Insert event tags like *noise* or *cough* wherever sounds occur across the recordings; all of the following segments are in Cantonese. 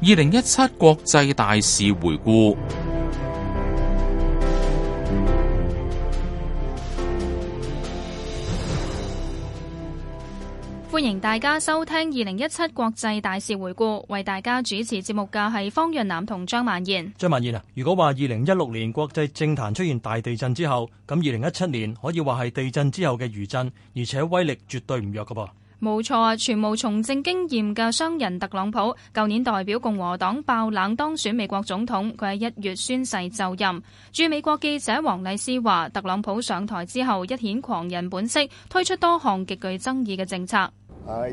二零一七國際大事回顧，歡迎大家收聽二零一七國際大事回顧，為大家主持節目嘅係方潤南同張曼燕。張曼燕啊，如果話二零一六年國際政壇出現大地震之後，咁二零一七年可以話係地震之後嘅餘震，而且威力絕對唔弱噶噃。冇錯，全無從政經驗嘅商人特朗普，舊年代表共和黨爆冷當選美國總統。佢喺一月宣誓就任。駐美國記者黃麗斯話：特朗普上台之後盡顯狂人本色，推出多項極具爭議嘅政策。I,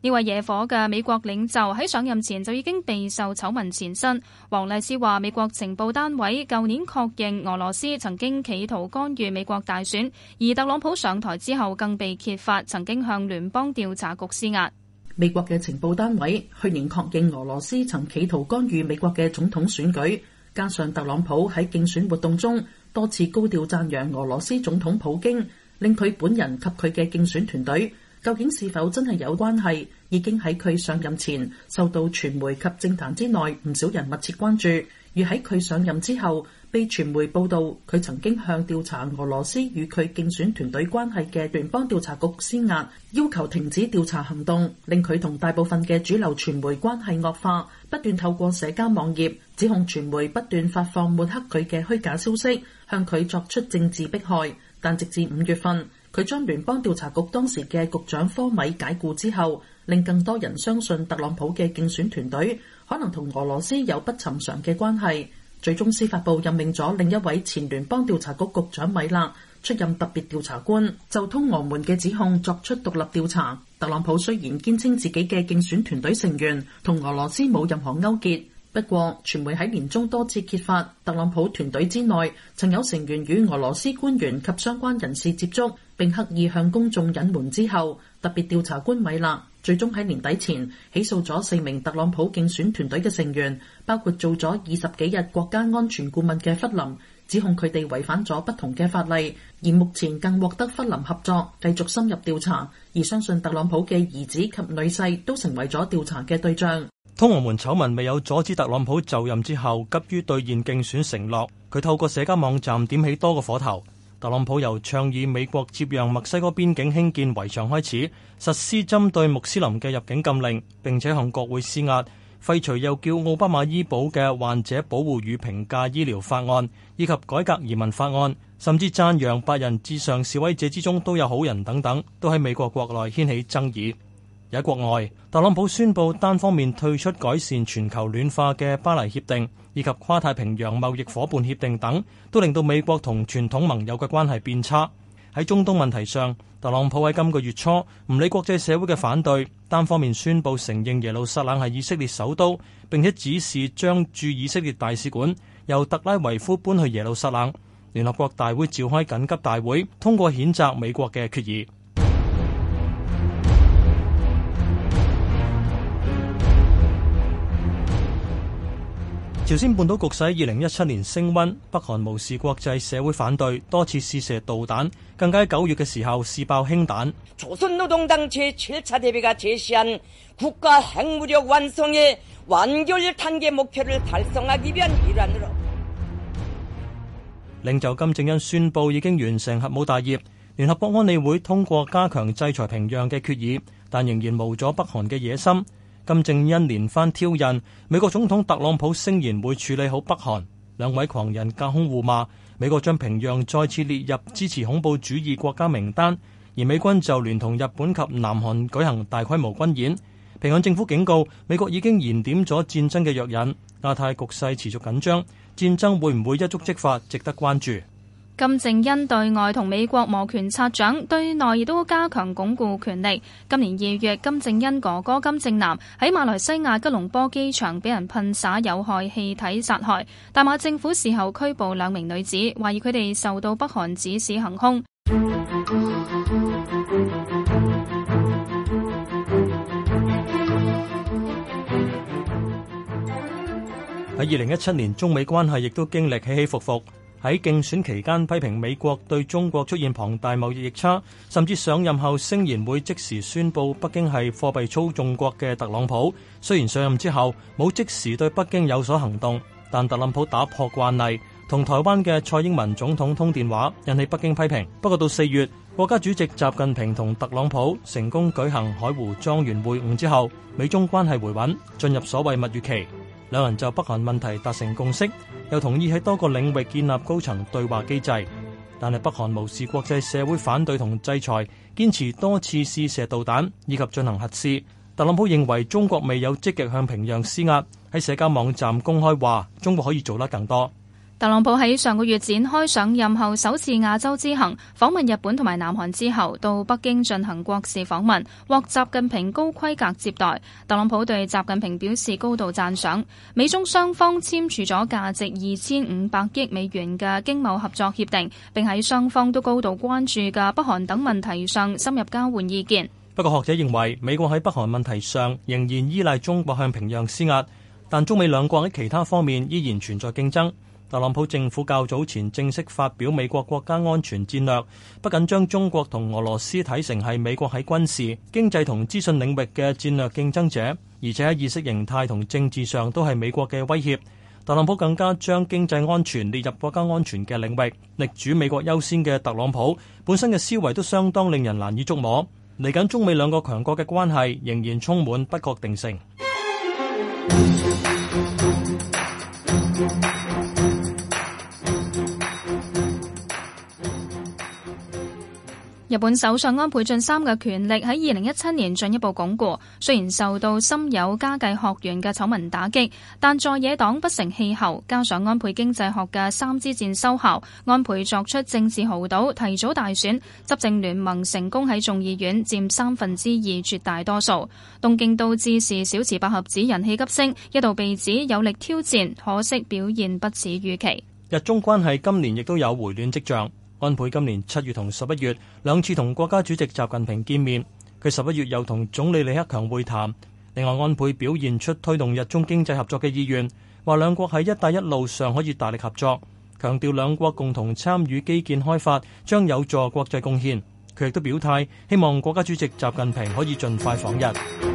呢位惹火嘅美國領袖喺上任前就已經備受醜聞纏身。黃麗斯話，美國情報單位舊年確認俄羅斯曾經企圖干預美國大選，而特朗普上台之後更被揭發曾經向聯邦調查局施壓。美國嘅情報單位去年確認俄羅斯曾企圖干預美國嘅總統選舉，加上特朗普喺競選活動中多次高調讚揚俄羅斯總統普京，令佢本人及佢嘅競選團隊。究竟是否真係有關係？已經喺佢上任前受到傳媒及政壇之內唔少人密切關注，而喺佢上任之後，被傳媒報道佢曾經向調查俄羅斯與佢競選團隊關係嘅聯邦調查局施壓，要求停止調查行動，令佢同大部分嘅主流傳媒關係惡化，不斷透過社交網頁指控傳媒不斷發放抹黑佢嘅虛假消息，向佢作出政治迫害。但直至五月份。佢將聯邦調查局當時嘅局長科米解雇之後，令更多人相信特朗普嘅競選團隊可能同俄羅斯有不尋常嘅關係。最終司法部任命咗另一位前聯邦調查局局長米勒出任特別調查官，就通俄門嘅指控作出獨立調查。特朗普雖然堅稱自己嘅競選團隊成員同俄羅斯冇任何勾結。不過，傳媒喺年中多次揭發，特朗普團隊之內曾有成員與俄羅斯官員及相關人士接觸，並刻意向公眾隱瞞。之後，特別調查官米勒最終喺年底前起訴咗四名特朗普競選團隊嘅成員，包括做咗二十幾日國家安全顧問嘅弗林，指控佢哋違反咗不同嘅法例。而目前更獲得弗林合作，繼續深入調查，而相信特朗普嘅兒子及女婿都成為咗調查嘅對象。通俄門醜聞未有阻止特朗普就任之後急於兌現競選承諾，佢透過社交網站點起多個火頭。特朗普由倡議美國接壤墨西哥邊境興建圍牆開始，實施針對穆斯林嘅入境禁令，並且向國會施壓廢除又叫奧巴馬醫保嘅患者保護與平價醫療法案，以及改革移民法案，甚至讚揚白人至上示威者之中都有好人等等，都喺美國國內掀起爭議。喺國外，特朗普宣布單方面退出改善全球暖化嘅巴黎協定，以及跨太平洋貿易伙伴協定等，都令到美國同傳統盟友嘅關係變差。喺中東問題上，特朗普喺今個月初唔理國際社會嘅反對，單方面宣布承認耶路撒冷係以色列首都，並且指示將駐以色列大使館由特拉維夫搬去耶路撒冷。聯合國大會召開緊急大會，通過譴責美國嘅決議。朝鮮半島局勢喺二零一七年升溫，北韓無視國際社會反對，多次試射導彈，更加喺九月嘅時候試爆氫彈。領袖金正恩宣布已經完成核武大業，聯合國安理會通過加強制裁平壤嘅決議，但仍然無阻北韓嘅野心。金正恩連番挑釁，美國總統特朗普聲言會處理好北韓。兩位狂人隔空互罵，美國將平壤再次列入支持恐怖主義國家名單，而美軍就聯同日本及南韓舉行大規模軍演。平壤政府警告，美國已經燃點咗戰爭嘅藥引，亞太局勢持續緊張，戰爭會唔會一觸即發，值得關注。金正恩對外同美國摩拳擦掌，對內亦都加強鞏固權力。今年二月，金正恩哥哥金正男喺馬來西亞吉隆坡機場俾人噴灑有害氣體殺害，大馬政府事後拘捕兩名女子，懷疑佢哋受到北韓指使行兇。喺二零一七年，中美關係亦都經歷起起伏伏。喺競選期間批評美國對中國出現龐大貿易逆差，甚至上任後聲言會即時宣佈北京係貨幣操縱國嘅特朗普，雖然上任之後冇即時對北京有所行動，但特朗普打破慣例，同台灣嘅蔡英文總統通電話，引起北京批評。不過到四月，國家主席習近平同特朗普成功舉行海湖莊園會晤之後，美中關係回穩，進入所謂蜜月期。兩人就北韓問題達成共識，又同意喺多個領域建立高層對話機制。但係北韓無視國際社會反對同制裁，堅持多次試射導彈以及進行核試。特朗普認為中國未有積極向平壤施壓，喺社交網站公開話中國可以做得更多。特朗普喺上個月展開上任後首次亞洲之行，訪問日本同埋南韓之後，到北京進行國事訪問，獲習近平高規格接待。特朗普對習近平表示高度讚賞。美中雙方簽署咗價值二千五百億美元嘅經貿合作協定，並喺雙方都高度關注嘅北韓等問題上深入交換意見。不過，學者認為美國喺北韓問題上仍然依賴中國向平壤施壓，但中美兩國喺其他方面依然存在競爭。特朗普政府較早前正式發表美國國家安全戰略，不僅將中國同俄羅斯睇成係美國喺軍事、經濟同資訊領域嘅戰略競爭者，而且喺意識形態同政治上都係美國嘅威脅，特朗普更加將經濟安全列入國家安全嘅領域，力主美國優先嘅特朗普本身嘅思維都相當令人難以捉摸。嚟緊中美兩個強國嘅關係仍然充滿不確定性。日本首相安倍晉三嘅權力喺二零一七年進一步鞏固，雖然受到森友加計學園嘅醜聞打擊，但在野黨不成氣候，加上安倍經濟學嘅三支箭收效，安倍作出政治豪賭，提早大選，執政聯盟成功喺眾議院佔三分之二絕大多數。東京都知事小池百合子人氣急升，一度被指有力挑戰，可惜表現不似預期。日中關係今年亦都有回暖跡象。安倍今年七月同十一月兩次同國家主席習近平見面，佢十一月又同總理李克強會談，另外，安倍表現出推動日中經濟合作嘅意願，話兩國喺一帶一路上可以大力合作，強調兩國共同參與基建開發將有助國際貢獻，佢亦都表態希望國家主席習近平可以盡快訪日。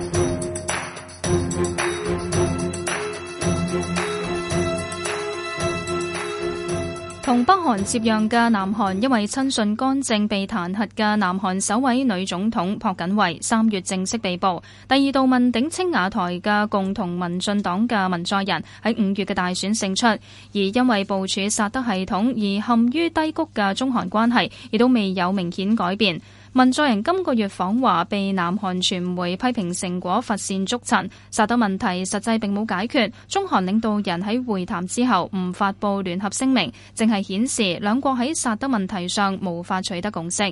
同北韓接壤嘅南韓，因為親信干政被彈劾嘅南韓首位女總統朴槿惠三月正式被捕。第二度問鼎青瓦台嘅共同民進黨嘅文在寅喺五月嘅大選勝出，而因為部署薩德系統而陷於低谷嘅中韓關係，亦都未有明顯改變。文在寅今個月訪華，被南韓傳媒批評成果乏善足陳，薩德問題實際並冇解決。中韓領導人喺會談之後唔發布聯合聲明，淨係顯示兩國喺薩德問題上無法取得共識。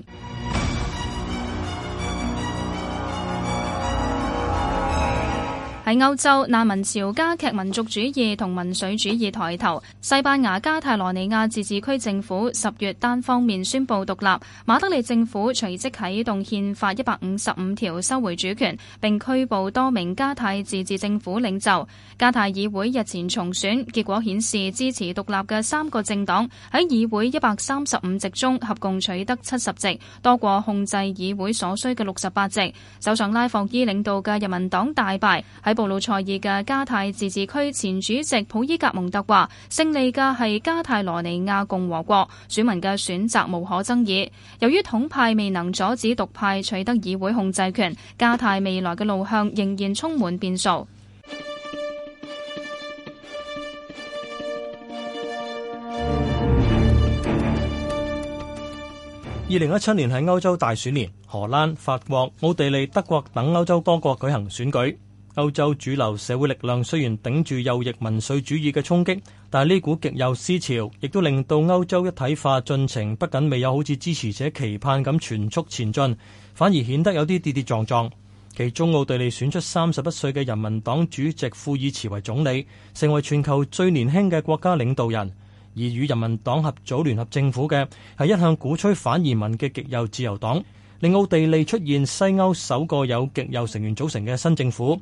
喺歐洲，難民潮加劇，民族主義同民粹主義抬頭。西班牙加泰羅尼亞自治區政府十月單方面宣布獨立，馬德里政府隨即啟動憲法一百五十五條收回主權，並拘捕多名加泰自治政府領袖。加泰議會日前重選，結果顯示支持獨立嘅三個政黨喺議會一百三十五席中合共取得七十席，多過控制議會所需嘅六十八席。首相拉霍伊領導嘅人民黨大敗。喺布魯塞爾嘅加泰自治區前主席普伊格蒙特話：勝利嘅係加泰羅尼亞共和國選民嘅選擇無可爭議。由於統派未能阻止獨派取得議會控制權，加泰未來嘅路向仍然充滿變數。二零一七年係歐洲大選年，荷蘭、法國、奧地利、德國等歐洲多國舉行選舉。歐洲主流社會力量雖然頂住右翼民粹主義嘅衝擊，但係呢股極右思潮亦都令到歐洲一體化進程不僅未有好似支持者期盼咁全速前進，反而顯得有啲跌跌撞撞。其中奧地利選出三十一歲嘅人民黨主席庫爾茨為總理，成為全球最年輕嘅國家領導人。而與人民黨合組聯合政府嘅係一向鼓吹反移民嘅極右自由黨，令奧地利出現西歐首個由極右成員組成嘅新政府。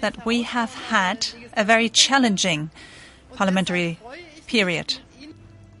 That we have had a very challenging parliamentary period.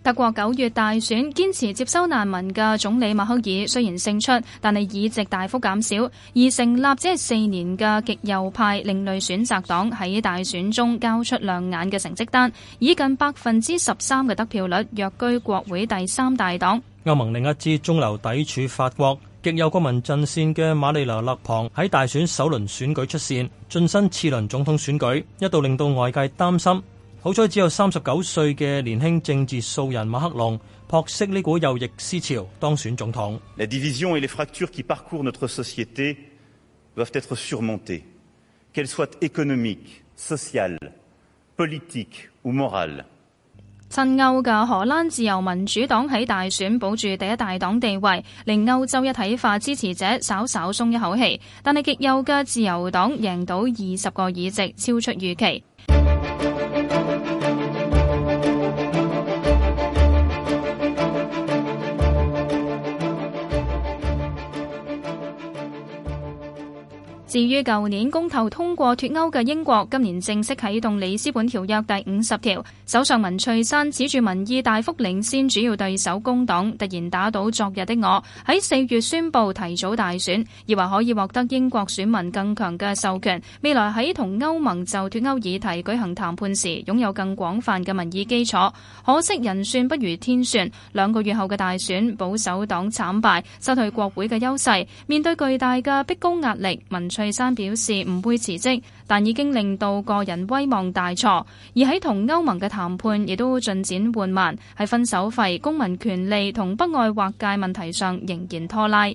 德國九月大選，堅持接收難民嘅總理默克爾雖然勝出，但係議席大幅減少。而成立只係四年嘅極右派另類選擇黨喺大選中交出亮眼嘅成績單，以近百分之十三嘅得票率，躍居國會第三大黨。歐盟另一支中流砥柱法國。亦有國民陣線嘅馬里納勒旁喺大選首輪選舉出線，晉身次輪總統選舉，一度令到外界擔心。好彩只有三十九歲嘅年輕政治素人馬克龍撲熄呢股右翼思潮，當選總統。 *music* *music* 親歐嘅荷蘭自由民主黨喺大選保住第一大黨地位，令歐洲一體化支持者稍稍鬆一口氣。但係極右嘅自由黨贏到二十個議席，超出預期。至於舊年公投通過脱歐嘅英國，今年正式啟動里斯本條約第五十條。首相文翠珊指住民意大幅領先主要對手工黨，突然打倒昨日的我，喺四月宣布提早大選，以為可以獲得英國選民更強嘅授權，未來喺同歐盟就脱歐議題舉行談判時，擁有更廣泛嘅民意基礎。可惜人算不如天算，兩個月後嘅大選保守黨慘敗，失去國會嘅優勢，面對巨大嘅逼宮壓力，文翠珊表示唔會辭職，但已經令到個人威望大挫，而喺同歐盟嘅談判亦都進展緩慢，喺分手費、公民權利同北愛劃界問題上仍然拖拉。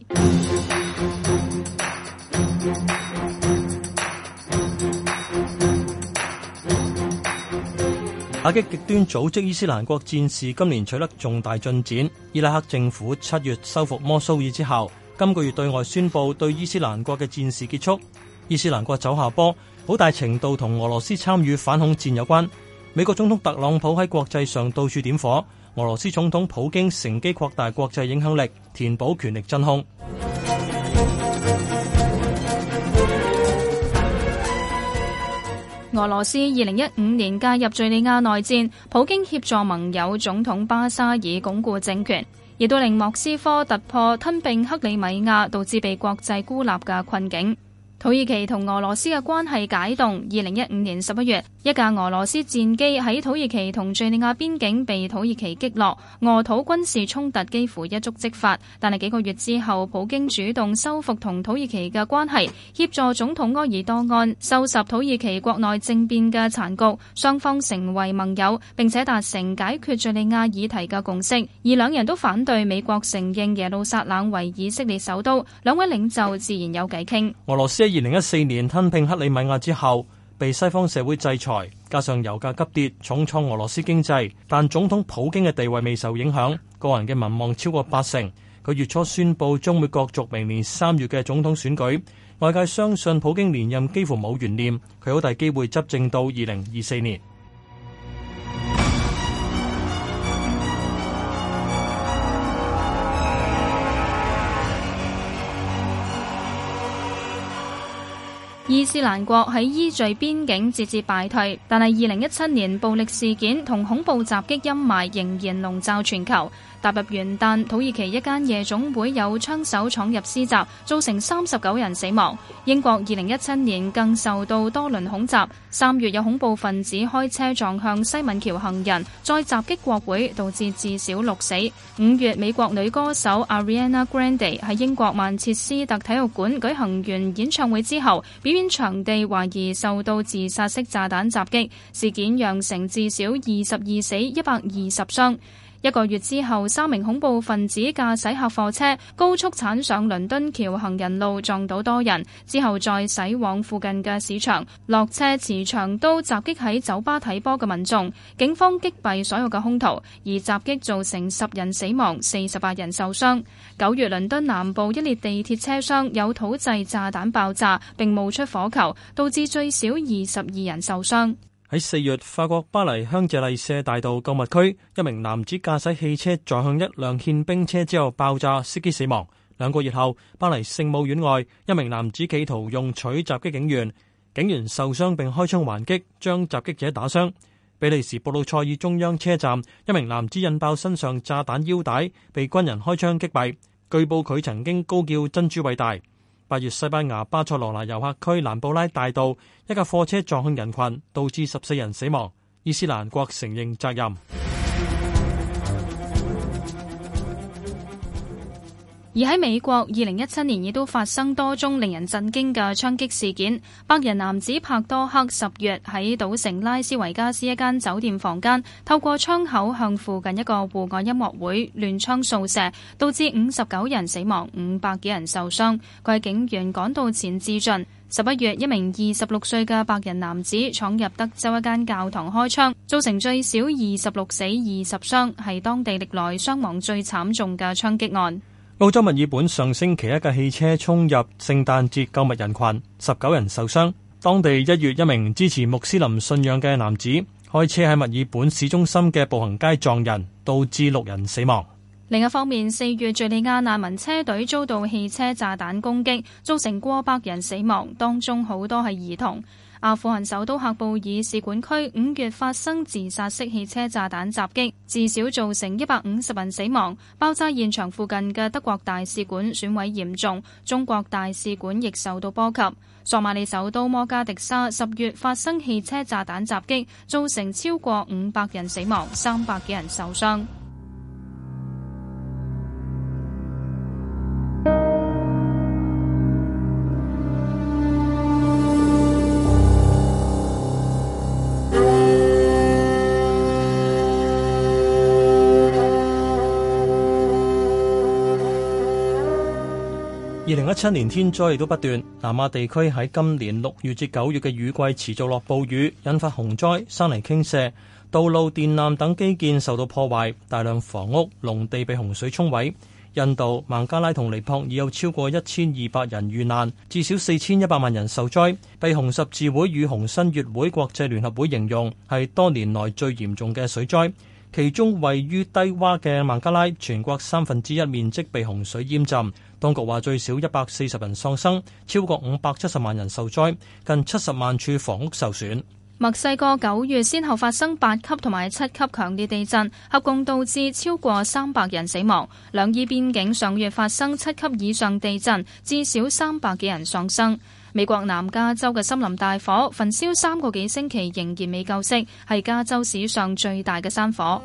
打擊極端組織伊斯蘭國戰事今年取得重大進展，伊拉克政府七月收復摩蘇爾之後，今個月對外宣布對伊斯蘭國嘅戰事結束，伊斯蘭國走下坡，好大程度同俄羅斯參與反恐戰有關。美國總統特朗普喺國際上到處點火，俄羅斯總統普京乘機擴大國際影響力，填補權力真空。俄羅斯二零一五年介入敘利亞內戰，普京協助盟友總統巴沙爾鞏固政權。亦都令莫斯科突破吞併克里米亞，導致被國際孤立嘅困境。土耳其同俄羅斯嘅關係解凍。二零一五年十一月，一架俄羅斯戰機喺土耳其同敘利亞邊境被土耳其擊落，俄土軍事衝突幾乎一觸即發。但係幾個月之後，普京主動修復同土耳其嘅關係，協助總統埃爾多安收拾土耳其國內政變嘅殘局，雙方成為盟友，並且達成解決敘利亞議題嘅共識。而兩人都反對美國承認耶路撒冷為以色列首都，兩位領袖自然有偈傾。俄羅斯。二零一四年吞併克里米亞之後，被西方社會制裁，加上油價急跌，重創俄羅斯經濟。但總統普京嘅地位未受影響，個人嘅民望超過八成。佢月初宣布將會角逐明年三月嘅總統選舉。外界相信普京連任幾乎冇懸念，佢好大機會執政到二零二四年。伊斯蘭國喺伊敘邊境節節敗退，但係二零一七年暴力事件同恐怖襲擊陰霾仍然籠罩全球。踏入元旦，土耳其一間夜總會有槍手闖入施襲，造成三十九人死亡。英國二零一七年更受到多輪恐襲，三月有恐怖分子開車撞向西敏橋行人，再襲擊國會，導致至少六死。五月，美國女歌手 Ariana Grande 喺英國曼徹斯特體育館舉行完演唱會之後，表演場地懷疑受到自殺式炸彈襲擊，事件釀成至少二十二死一百二十傷。一個月之後，三名恐怖分子駕駛客貨車高速鏟上倫敦橋行人路，撞到多人，之後再駛往附近嘅市場，落車持長刀襲擊喺酒吧睇波嘅民眾。警方擊斃所有嘅凶徒，而襲擊造成十人死亡、四十八人受傷。九月倫敦南部一列地鐵車廂有土製炸彈爆炸，並冒出火球，導致最少二十二人受傷。喺四月，法國巴黎香榭麗舍大道購物區，一名男子駕駛汽車撞向一輛憲兵車之後爆炸，司機死亡。兩個月後，巴黎聖母院外，一名男子企圖用錘襲擊警員，警員受傷並開槍還擊，將襲擊者打傷。比利時布魯塞爾中央車站，一名男子引爆身上炸彈腰帶，被軍人開槍擊斃。據報佢曾經高叫真主偉大。八月，西班牙巴塞羅那遊客區蘭布拉大道一架貨車撞向人群，導致十四人死亡。伊斯蘭國承認責任。而喺美國，二零一七年亦都發生多宗令人震驚嘅槍擊事件。白人男子柏多克十月喺賭城拉斯維加斯一間酒店房間，透過窗口向附近一個戶外音樂會亂槍掃射，導致五十九人死亡，五百幾人受傷。佢喺警員趕到前自盡。十一月，一名二十六歲嘅白人男子闖入德州一間教堂開槍，造成最少二十六死二十傷，係當地歷來傷亡最慘重嘅槍擊案。澳洲墨爾本上星期一架汽車衝入聖誕節購物人群，十九人受傷。當地一月一名支持穆斯林信仰嘅男子開車喺墨爾本市中心嘅步行街撞人，導致六人死亡。另一方面，四月敘利亞難民車隊遭到汽車炸彈攻擊，造成過百人死亡，當中好多係兒童。阿富汗首都喀布爾使館區五月發生自殺式汽車炸彈襲擊，至少造成一百五十人死亡。爆炸現場附近嘅德國大使館損毀嚴重，中國大使館亦受到波及。索馬里首都摩加迪沙十月發生汽車炸彈襲擊，造成超過五百人死亡，三百幾人受傷。零一七年天災亦都不斷，南亞地區喺今年六月至九月嘅雨季持續落暴雨，引發洪災、山泥傾瀉、道路、電纜等基建受到破壞，大量房屋、農地被洪水沖毀。印度孟加拉同尼泊爾有超過一千二百人遇難，至少四千一百萬人受災。被紅十字會與紅新月會國際聯合會形容係多年來最嚴重嘅水災。其中位於低窪嘅孟加拉全國三分之一面積被洪水淹浸，當局話最少一百四十人喪生，超過五百七十萬人受災，近七十萬處房屋受損。墨西哥九月先後發生八級同埋七級強烈地震，合共導致超過三百人死亡。兩伊邊境上月發生七級以上地震，至少三百幾人喪生。美國南加州嘅森林大火焚燒三個幾星期，仍然未救熄，係加州史上最大嘅山火。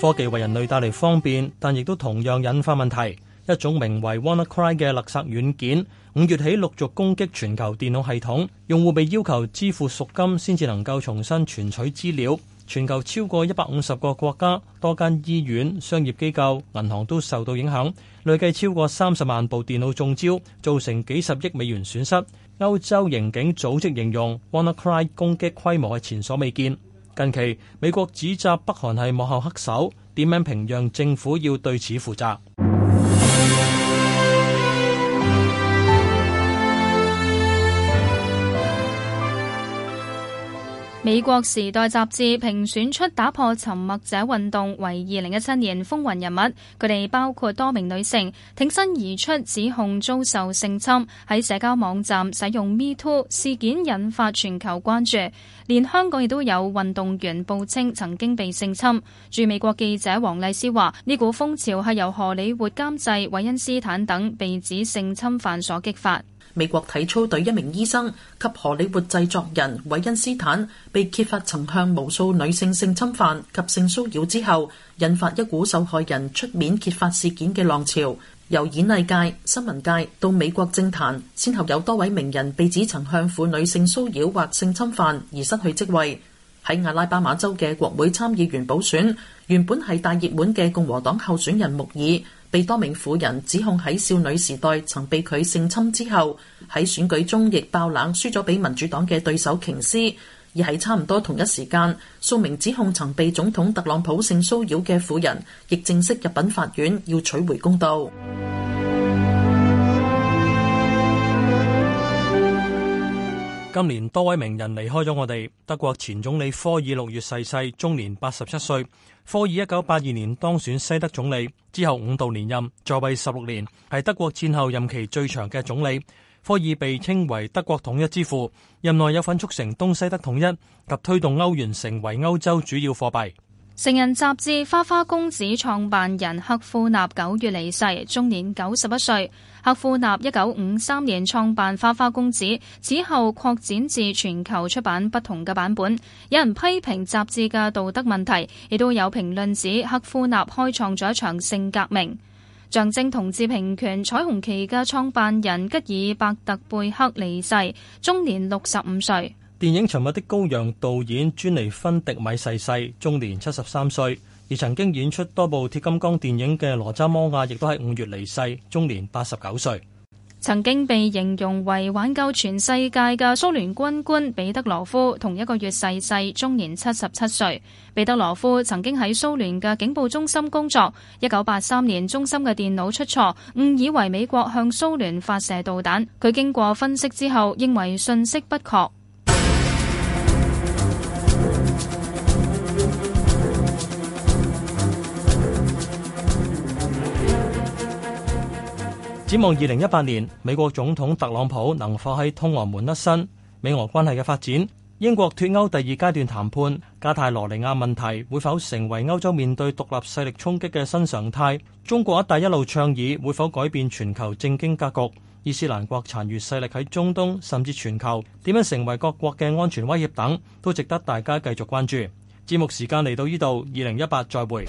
科技為人類帶嚟方便，但亦都同樣引發問題。一種名為 WannaCry 嘅勒索軟件，五月起陸續攻擊全球電腦系統，用戶被要求支付贖金先至能夠重新存取資料。全球超過一百五十個國家、多間醫院、商業機構、銀行都受到影響，累計超過三十萬部電腦中招，造成幾十億美元損失。歐洲刑警組織形容 WannaCry 攻擊規模係前所未見。近期美國指責北韓係幕後黑手，點名平壤政府要對此負責。美國《時代》雜誌評選出打破沉默者運動為二零一七年風雲人物，佢哋包括多名女性挺身而出，指控遭受性侵，喺社交網站使用 MeToo 事件引發全球關注，連香港亦都有運動員報稱曾經被性侵。駐美國記者黃麗思話：呢股風潮係由荷里活監製韋恩斯坦等被指性侵犯所激發。美國體操隊一名醫生及荷里活製作人韋恩斯坦被揭發曾向無數女性性侵犯及性騷擾之後，引發一股受害人出面揭發事件嘅浪潮。由演藝界、新聞界到美國政壇，先後有多位名人被指曾向婦女性騷擾或性侵犯而失去職位。喺阿拉巴馬州嘅國會參議員補選，原本係大熱門嘅共和黨候選人穆爾，被多名婦人指控喺少女時代曾被佢性侵之後，喺選舉中亦爆冷輸咗俾民主黨嘅對手瓊斯。而喺差唔多同一時間，數名指控曾被總統特朗普性騷擾嘅婦人，亦正式入稟法院要取回公道。今年多位名人離開咗我哋，德國前總理科爾六月逝世，終年八十七歲。科爾一九八二年當選西德總理之後五度連任，在位十六年，係德國戰後任期最長嘅總理。科爾被稱為德國統一之父，任內有份促成東西德統一及推動歐元成為歐洲主要貨幣。成人雜誌《花花公子》創辦人克富納九月離世，終年九十一歲。克富納一九五三年創辦《花花公子》，此後擴展至全球出版不同嘅版本。有人批評雜誌嘅道德問題，亦都有評論指克富納開創咗一場性革命。象徵同志平權彩虹旗嘅創辦人吉爾伯特貝克離世，終年六十五歲。電影《沉默的羔羊》導演尊尼芬迪米逝世，終年七十三歲。而曾經演出多部鐵金剛電影嘅羅渣摩亞亦都喺五月離世，終年八十九歲。曾經被形容為挽救全世界嘅蘇聯軍官彼得羅夫，同一個月逝世，終年七十七歲。彼得羅夫曾經喺蘇聯嘅警報中心工作，一九八三年中心嘅電腦出錯，誤以為美國向蘇聯發射導彈。佢經過分析之後，認為信息不確。展望二零一八年，美國總統特朗普能否喺通俄門甩身？美俄關係嘅發展，英國脫歐第二階段談判，加泰羅尼亞問題會否成為歐洲面對獨立勢力衝擊嘅新常態？中國一帶一路倡議會否改變全球政經格局？伊斯蘭國殘餘勢力喺中東甚至全球點樣成為各國嘅安全威脅等，都值得大家繼續關注。節目時間嚟到呢度，二零一八再會。